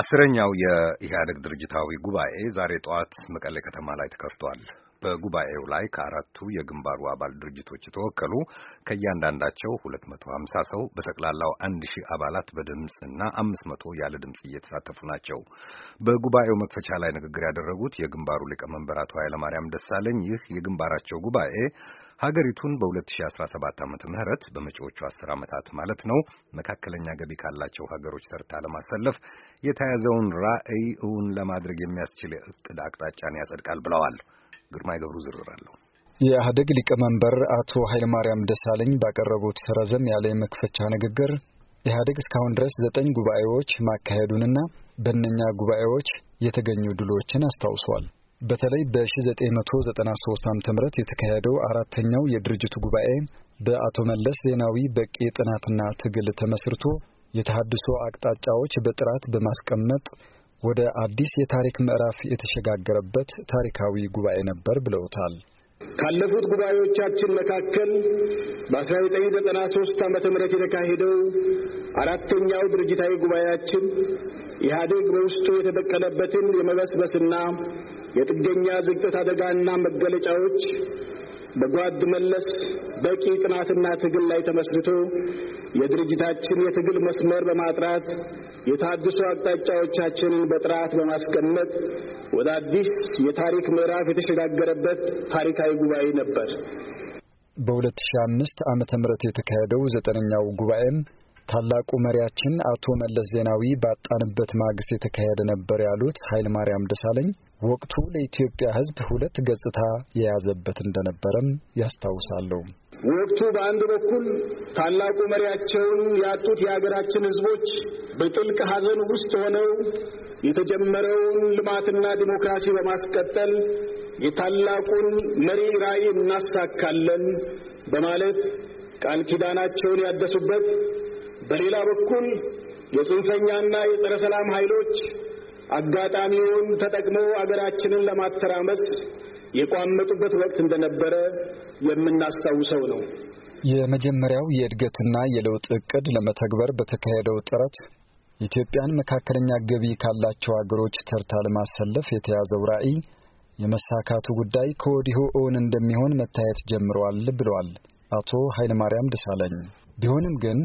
አስረኛው የኢህአደግ ድርጅታዊ ጉባኤ ዛሬ ጠዋት መቀሌ ከተማ ላይ ተከፍቷል። በጉባኤው ላይ ከአራቱ የግንባሩ አባል ድርጅቶች የተወከሉ ከእያንዳንዳቸው 250 ሰው በጠቅላላው 1000 አባላት በድምፅና 500 ያለ ድምፅ እየተሳተፉ ናቸው። በጉባኤው መክፈቻ ላይ ንግግር ያደረጉት የግንባሩ ሊቀመንበር አቶ ኃይለማርያም ደሳለኝ ይህ የግንባራቸው ጉባኤ ሀገሪቱን በ2017 ዓመተ ምህረት በመጪዎቹ 10 ዓመታት ማለት ነው መካከለኛ ገቢ ካላቸው ሀገሮች ተርታ ለማሰለፍ የተያዘውን ራዕይ እውን ለማድረግ የሚያስችል የእቅድ አቅጣጫን ያጸድቃል ብለዋል። ግርማይ ገብሩ ዝርዝር አለው። የኢህአደግ ሊቀመንበር አቶ ኃይለማርያም ደሳለኝ ባቀረቡት ረዘም ያለ የመክፈቻ ንግግር ኢህአደግ እስካሁን ድረስ ዘጠኝ ጉባኤዎች ማካሄዱንና በእነኛ ጉባኤዎች የተገኙ ድሎችን አስታውሷል። በተለይ በ1993 ዓ ም የተካሄደው አራተኛው የድርጅቱ ጉባኤ በአቶ መለስ ዜናዊ በቂ ጥናትና ትግል ተመስርቶ የተሃድሶ አቅጣጫዎች በጥራት በማስቀመጥ ወደ አዲስ የታሪክ ምዕራፍ የተሸጋገረበት ታሪካዊ ጉባኤ ነበር ብለውታል። ካለፉት ጉባኤዎቻችን መካከል በ1993 ዓ ምህረት የተካሄደው አራተኛው ድርጅታዊ ጉባኤያችን ኢህአዴግ በውስጡ የተበቀለበትን የመበስበስና የጥገኛ ዝግጠት አደጋና መገለጫዎች በጓድ መለስ በቂ ጥናትና ትግል ላይ ተመስርቶ የድርጅታችን የትግል መስመር በማጥራት የታድሱ አቅጣጫዎቻችንን በጥራት በማስቀመጥ ወደ አዲስ የታሪክ ምዕራፍ የተሸጋገረበት ታሪካዊ ጉባኤ ነበር። በ2005 ዓ ም የተካሄደው ዘጠነኛው ጉባኤም ታላቁ መሪያችን አቶ መለስ ዜናዊ ባጣንበት ማግስት የተካሄደ ነበር ያሉት ኃይለማርያም ደሳለኝ ወቅቱ ለኢትዮጵያ ሕዝብ ሁለት ገጽታ የያዘበት እንደነበረም ያስታውሳሉ። ወቅቱ በአንድ በኩል ታላቁ መሪያቸውን ያጡት የሀገራችን ሕዝቦች በጥልቅ ሐዘን ውስጥ ሆነው የተጀመረውን ልማትና ዲሞክራሲ በማስቀጠል የታላቁን መሪ ራዕይ እናሳካለን በማለት ቃል ኪዳናቸውን ያደሱበት በሌላ በኩል የጽንፈኛና የጸረ ሰላም ኃይሎች አጋጣሚውን ተጠቅመው አገራችንን ለማተራመስ የቋመጡበት ወቅት እንደነበረ የምናስታውሰው ነው። የመጀመሪያው የእድገትና የለውጥ እቅድ ለመተግበር በተካሄደው ጥረት ኢትዮጵያን መካከለኛ ገቢ ካላቸው አገሮች ተርታ ለማሰለፍ የተያዘው ራዕይ የመሳካቱ ጉዳይ ከወዲሁ እውን እንደሚሆን መታየት ጀምረዋል ብለዋል አቶ ኃይለማርያም ደሳለኝ። ቢሆንም ግን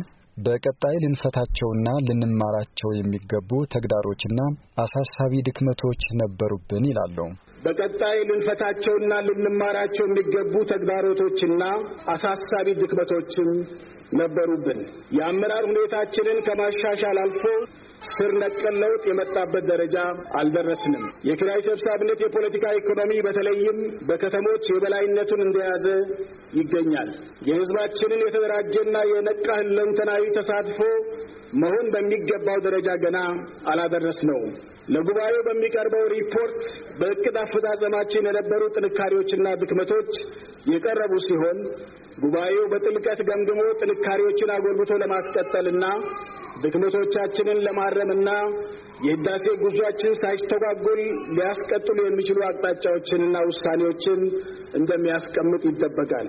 በቀጣይ ልንፈታቸውና ልንማራቸው የሚገቡ ተግዳሮችና አሳሳቢ ድክመቶች ነበሩብን ይላሉ። በቀጣይ ልንፈታቸውና ልንማራቸው የሚገቡ ተግዳሮቶችና አሳሳቢ ድክመቶችም ነበሩብን። የአመራር ሁኔታችንን ከማሻሻል አልፎ ስር ነቀል ለውጥ የመጣበት ደረጃ አልደረስንም። የኪራይ ሰብሳቢነት የፖለቲካ ኢኮኖሚ በተለይም በከተሞች የበላይነቱን እንደያዘ ይገኛል። የህዝባችንን የተደራጀና የነቃ ሁለንተናዊ ተሳትፎ መሆን በሚገባው ደረጃ ገና አላደረስ ነው። ለጉባኤው በሚቀርበው ሪፖርት በእቅድ አፈጻጸማችን የነበሩ ጥንካሬዎችና ድክመቶች የቀረቡ ሲሆን ጉባኤው በጥልቀት ገምግሞ ጥንካሬዎችን አጎልብቶ ለማስቀጠልና ድክመቶቻችንን ለማረምና የህዳሴ ጉዟችን ሳይስተጓጉል ሊያስቀጥሉ የሚችሉ አቅጣጫዎችንና ውሳኔዎችን እንደሚያስቀምጥ ይጠበቃል።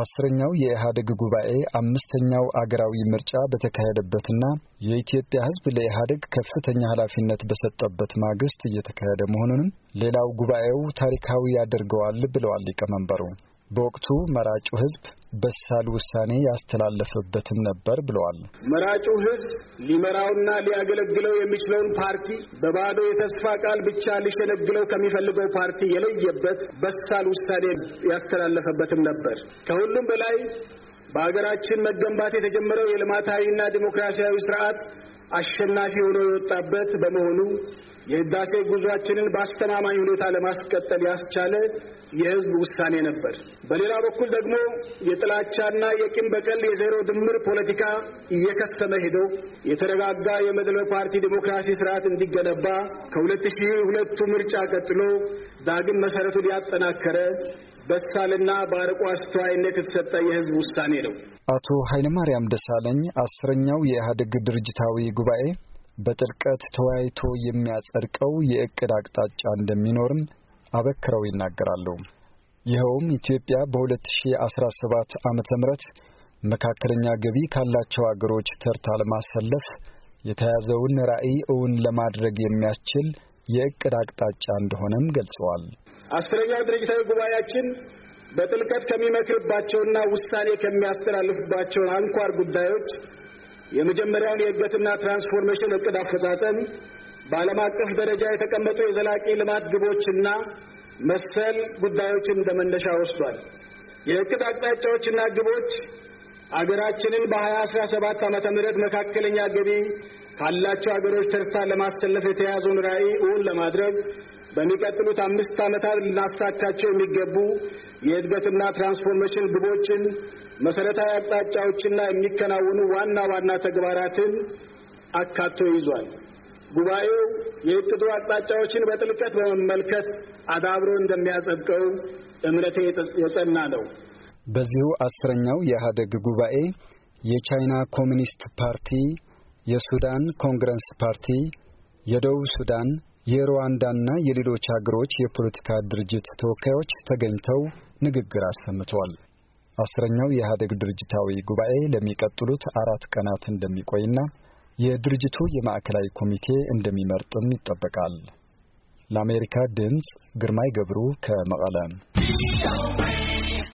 አስረኛው የኢህአዴግ ጉባኤ አምስተኛው አገራዊ ምርጫ በተካሄደበትና የኢትዮጵያ ሕዝብ ለኢህአዴግ ከፍተኛ ኃላፊነት በሰጠበት ማግስት እየተካሄደ መሆኑንም ሌላው ጉባኤው ታሪካዊ ያደርገዋል ብለዋል ሊቀመንበሩ። በወቅቱ መራጩ ህዝብ በሳል ውሳኔ ያስተላለፈበትም ነበር ብለዋል። መራጩ ህዝብ ሊመራውና ሊያገለግለው የሚችለውን ፓርቲ በባዶ የተስፋ ቃል ብቻ ሊሸነግለው ከሚፈልገው ፓርቲ የለየበት በሳል ውሳኔ ያስተላለፈበትም ነበር። ከሁሉም በላይ በሀገራችን መገንባት የተጀመረው የልማታዊና ዲሞክራሲያዊ ስርዓት አሸናፊ ሆኖ የወጣበት በመሆኑ የህዳሴ ጉዟችንን በአስተማማኝ ሁኔታ ለማስቀጠል ያስቻለ የህዝብ ውሳኔ ነበር። በሌላ በኩል ደግሞ የጥላቻና የቂም በቀል የዜሮ ድምር ፖለቲካ እየከሰመ ሄዶ የተረጋጋ የመድበለ ፓርቲ ዲሞክራሲ ስርዓት እንዲገነባ ከሁለት ሺህ ሁለቱ ምርጫ ቀጥሎ ዳግም መሰረቱን ያጠናከረ በሳልና በአርቆ አስተዋይነት የተሰጠ የህዝብ ውሳኔ ነው። አቶ ኃይለማርያም ደሳለኝ አስረኛው የኢህአዴግ ድርጅታዊ ጉባኤ በጥልቀት ተወያይቶ የሚያጸድቀው የዕቅድ አቅጣጫ እንደሚኖርም አበክረው ይናገራሉ። ይኸውም ኢትዮጵያ በ2017 ዓ ም መካከለኛ ገቢ ካላቸው አገሮች ተርታ ለማሰለፍ የተያዘውን ራዕይ እውን ለማድረግ የሚያስችል የዕቅድ አቅጣጫ እንደሆነም ገልጸዋል። አስረኛው ድርጅታዊ ጉባኤያችን በጥልቀት ከሚመክርባቸውና ውሳኔ ከሚያስተላልፍባቸው አንኳር ጉዳዮች የመጀመሪያውን የእድገትና ትራንስፎርሜሽን እቅድ አፈጻጸም በዓለም አቀፍ ደረጃ የተቀመጡ የዘላቂ ልማት ግቦችና መሰል ጉዳዮችን እንደመነሻ ወስዷል። የእቅድ አቅጣጫዎችና ግቦች አገራችንን በ2017 ዓመተ ምህረት መካከለኛ ገቢ ካላቸው አገሮች ተርታ ለማሰለፍ የተያዘውን ራዕይ እውን ለማድረግ በሚቀጥሉት አምስት ዓመታት ልናሳካቸው የሚገቡ የእድገትና ትራንስፎርሜሽን ግቦችን መሰረታዊ አቅጣጫዎችና የሚከናወኑ ዋና ዋና ተግባራትን አካቶ ይዟል። ጉባኤው የእቅዱ አቅጣጫዎችን በጥልቀት በመመልከት አዳብሮ እንደሚያጸድቀው እምነቴ የጸና ነው። በዚሁ አስረኛው የኢህአደግ ጉባኤ የቻይና ኮሚኒስት ፓርቲ፣ የሱዳን ኮንግረስ ፓርቲ፣ የደቡብ ሱዳን፣ የሩዋንዳና የሌሎች አገሮች የፖለቲካ ድርጅት ተወካዮች ተገኝተው ንግግር አሰምተዋል። አስረኛው የኢህአዴግ ድርጅታዊ ጉባኤ ለሚቀጥሉት አራት ቀናት እንደሚቆይና የድርጅቱ የማዕከላዊ ኮሚቴ እንደሚመርጥም ይጠበቃል። ለአሜሪካ ድምፅ ግርማይ ገብሩ ከመቀለ